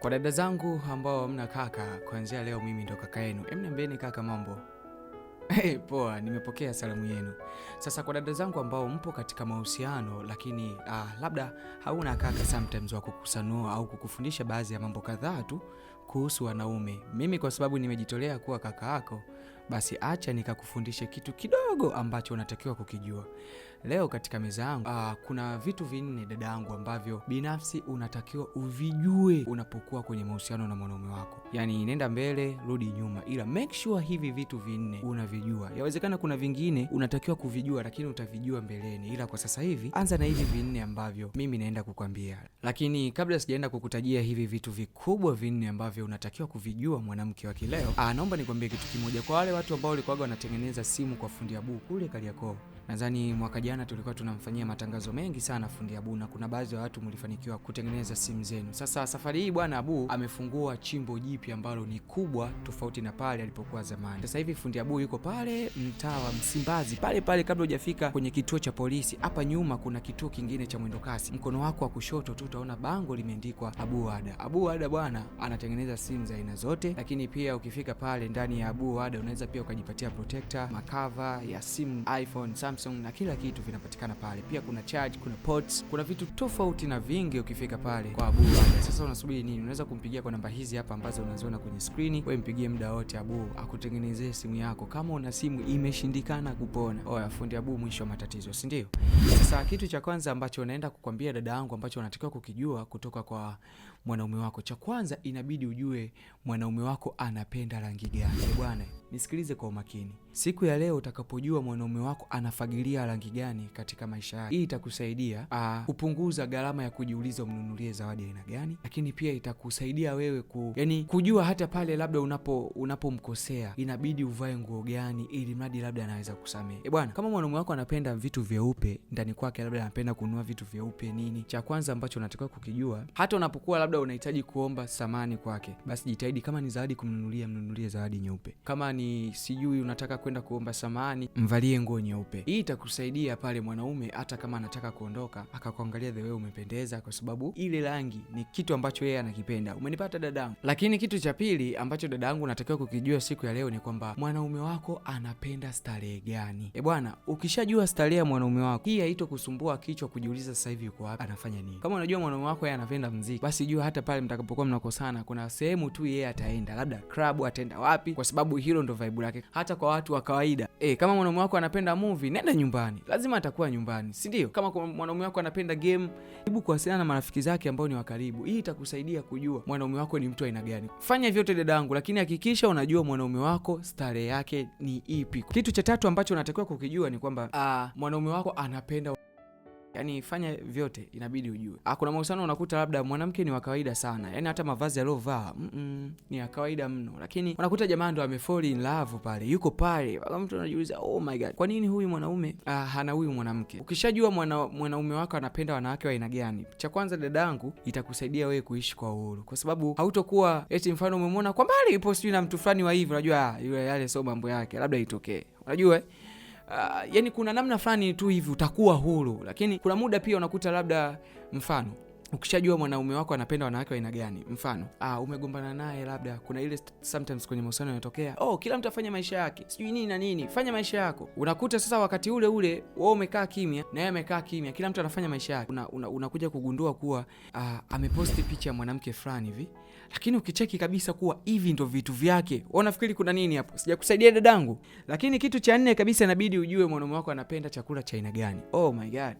Kwa dada zangu ambao mna kaka, kuanzia leo mimi ndo kaka yenu. Mniambieni kaka mambo. Hey, poa, nimepokea salamu yenu. Sasa kwa dada zangu ambao mpo katika mahusiano lakini ah, labda hauna kaka sometimes wa kukusanua au kukufundisha baadhi ya mambo kadhaa tu kuhusu wanaume. Mimi kwa sababu nimejitolea kuwa kaka yako, basi acha nikakufundishe kitu kidogo ambacho unatakiwa kukijua. Leo katika meza yangu ah, kuna vitu vinne dada yangu, ambavyo binafsi unatakiwa uvijue unapokuwa kwenye mahusiano na mwanaume wako, yaani nenda mbele rudi nyuma, ila make sure hivi vitu vinne unavijua. Yawezekana kuna vingine unatakiwa kuvijua, lakini utavijua mbeleni, ila kwa sasa hivi anza na hivi vinne ambavyo mimi naenda kukwambia. Lakini kabla sijaenda kukutajia hivi vitu vikubwa vinne ambavyo unatakiwa kuvijua mwanamke wa kileo, ah, naomba nikwambie kitu kimoja kwa wale watu ambao walikuwa wanatengeneza simu kwa fundi Abu kule Kariakoo Nadhani mwaka jana tulikuwa tunamfanyia matangazo mengi sana fundi Abu na kuna baadhi ya watu mlifanikiwa kutengeneza simu zenu. Sasa safari hii bwana Abu amefungua chimbo jipya ambalo ni kubwa tofauti na pale alipokuwa zamani. Sasa hivi fundi Abu yuko pale mtaa wa Msimbazi pale pale, kabla hujafika kwenye kituo cha polisi. Hapa nyuma kuna kituo kingine cha mwendokasi, mkono wako wa kushoto tu utaona bango limeandikwa Abu Ada. Abu Ada bwana anatengeneza simu za aina zote, lakini pia ukifika pale ndani ya Abu Ada unaweza pia ukajipatia protector, makava ya simu iPhone, Samsung Samsung na kila kitu vinapatikana pale. Pia kuna charge, kuna ports, kuna vitu tofauti na vingi ukifika pale kwa Abu. Sasa unasubiri nini? Unaweza kumpigia kwa namba hizi hapa ambazo unaziona kwenye screen. Wewe mpigie muda wote Abu akutengenezee simu yako, kama una simu imeshindikana kupona. Oya, fundi Abu, mwisho wa matatizo, si ndio? Sasa kitu cha kwanza ambacho unaenda kukwambia dada yangu, ambacho unatakiwa kukijua kutoka kwa mwanaume wako, cha kwanza inabidi ujue mwanaume wako anapenda rangi gani bwana nisikilize kwa umakini. Siku ya leo utakapojua mwanaume wako anafagilia rangi gani katika maisha yake, hii itakusaidia ah, kupunguza gharama ya kujiuliza umnunulie zawadi aina gani, lakini pia itakusaidia wewe ku, yani kujua hata pale labda unapo unapomkosea inabidi uvae nguo gani, ili mradi labda anaweza kusamehe. E bwana, kama mwanaume wako anapenda vitu vyeupe ndani kwake, labda anapenda kununua vitu vyeupe nini, cha kwanza ambacho unatakiwa kukijua, hata unapokuwa labda unahitaji kuomba samani kwake, basi jitahidi kama ni zawadi kumnunulia, mnunulie zawadi nyeupe kama fulani sijui unataka kwenda kuomba samani, mvalie nguo nyeupe. Hii itakusaidia pale mwanaume hata kama anataka kuondoka akakuangalia, the way umependeza, kwa sababu ile rangi ni kitu ambacho yeye anakipenda. Umenipata dadangu? Lakini kitu cha pili ambacho dadangu natakiwa kukijua siku ya leo ni kwamba mwanaume wako anapenda starehe gani? E bwana, ukishajua starehe ya mwanaume wako, hii kusumbua kichwa kujiuliza sasa hivi yuko wapi, anafanya nini. Kama unajua mwanaume wako yeye anapenda mziki, basi jua hata pale mtakapokuwa mnakosana, kuna sehemu tu yeye ataenda, labda klabu, ataenda wapi, kwa sababu hilo ndo vibe lake hata kwa watu wa kawaida e, kama mwanaume wako anapenda movie, nenda nyumbani, lazima atakuwa nyumbani, si ndio? Kama mwanaume wako anapenda game, hebu kuwasiliana na marafiki zake ambao ni wa karibu. Hii itakusaidia kujua mwanaume wako ni mtu aina gani. Fanya vyote dadangu, lakini hakikisha unajua mwanaume wako starehe yake ni ipi. Kitu cha tatu ambacho unatakiwa kukijua ni kwamba ah, mwanaume wako anapenda yani fanya vyote inabidi ujue. Ah, kuna mahusiano unakuta labda mwanamke ni wa kawaida sana, yani hata mavazi aliyovaa mm -mm, ni ya kawaida mno, lakini unakuta jamaa ndo amefall in love pale, yuko pale mtu anajiuliza oh my god, kwa nini huyu mwanaume ah, hana huyu mwanamke? Ukishajua mwana, mwanaume wako anapenda wanawake wa aina gani, cha kwanza dadangu, itakusaidia wewe kuishi kwa uhuru, kwa sababu hautokuwa eti mfano umemwona kwa mbali ipo sijui na mtu fulani wa hivi, unajua ah, yule yale sio mambo yake, labda itokee, unajua eh? uh, yani kuna namna fulani tu hivi utakuwa huru, lakini kuna muda pia unakuta labda mfano ukishajua mwanaume wako anapenda wanawake wa aina gani, mfano ah, umegombana naye labda, kuna ile sometimes kwenye mahusiano yanatokea, oh, kila mtu afanya maisha yake, sijui nini na nini, fanya maisha yako. Unakuta sasa wakati ule ule wewe umekaa kimya na yeye amekaa kimya, kila mtu anafanya maisha yake, unakuja una, una kugundua kuwa ah, ameposti picha ya mwanamke fulani hivi lakini ukicheki kabisa kuwa hivi ndo vitu vyake. nafikiri kuna nini hapo? Sijakusaidia dadangu. Lakini kitu cha nne kabisa, inabidi ujue mwanaume wako anapenda chakula cha aina gani. Oh my god.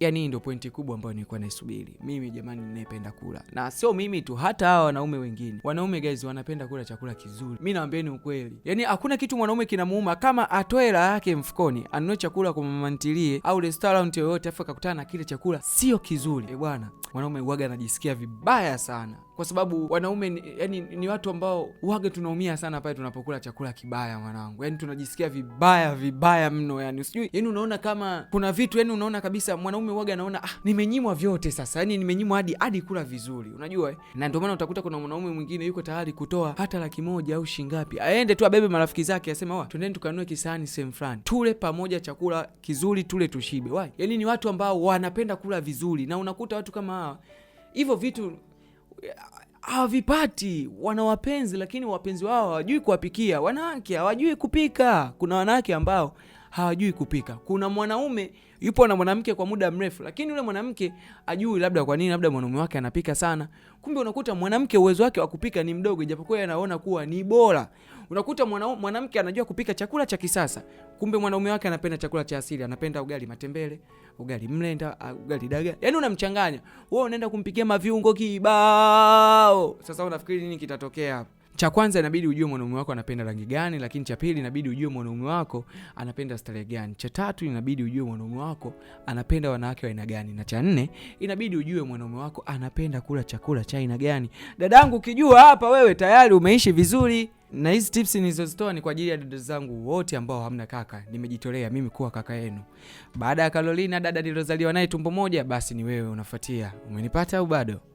Yaani ndio pointi kubwa ambayo nilikuwa naisubiri mimi jamani, ninayependa kula, na sio mimi tu, hata hawa wanaume wengine. Wanaume guys wanapenda kula chakula kizuri, mi naambieni ukweli. yani hakuna kitu mwanaume kinamuuma kama atoe la yake mfukoni anunue chakula kwa mamantilie au restaurant yoyote, afu akakutana na kile chakula sio kizuri. E bwana, mwanaume uwaga anajisikia vibaya sana kwa sababu wanaume ni, yani, ni watu ambao wage tunaumia sana pale tunapokula chakula kibaya mwanangu, yani tunajisikia vibaya vibaya mno, yani sijui, yani unaona kama kuna vitu yani unaona kabisa mwanaume wage anaona ah, nimenyimwa vyote sasa, yani nimenyimwa hadi hadi kula vizuri, unajua eh? Na ndio maana utakuta kuna mwanaume mwingine yuko tayari kutoa hata laki moja au shingapi, aende tu abebe marafiki zake asema wa oh, twendeni tukanue kisahani sehemu fulani tule pamoja chakula kizuri tule tushibe. wai Yani ni watu ambao wanapenda kula vizuri, na unakuta watu kama hawa hivyo vitu hawavipati. Wana wapenzi, lakini wapenzi wao hawajui kuwapikia. Wanawake hawajui kupika. Kuna wanawake ambao hawajui kupika. Kuna mwanaume yupo na mwanamke kwa muda mrefu, lakini yule mwanamke ajui labda kwa nini, labda mwanaume wake anapika sana, kumbe unakuta mwanamke uwezo wake wa kupika ni mdogo, ijapokuwa anaona kuwa ni bora. Unakuta mwanamke anajua kupika chakula cha kisasa, kumbe mwanaume wake anapenda chakula cha asili, anapenda ugali matembele, ugali mlenda, ugali daga Yaani unamchanganya wewe, unaenda kumpikia maviungo kibao. Sasa unafikiri nini kitatokea hapo? Cha kwanza inabidi ujue mwanaume wako anapenda rangi gani, lakini cha pili inabidi ujue mwanaume wako anapenda starehe gani, cha tatu inabidi ujue mwanaume wako anapenda wanawake wa aina gani, na cha nne inabidi ujue mwanaume wako anapenda kula chakula cha aina gani. Dadangu, ukijua hapa wewe tayari umeishi vizuri na hizi tips nilizozitoa ni kwa ajili ya dada zangu wote ambao hamna kaka. Nimejitolea mimi kuwa kaka yenu. Baada ya Carolina, dada nilozaliwa naye tumbo moja, basi ni wewe unafuatia. Umenipata au bado?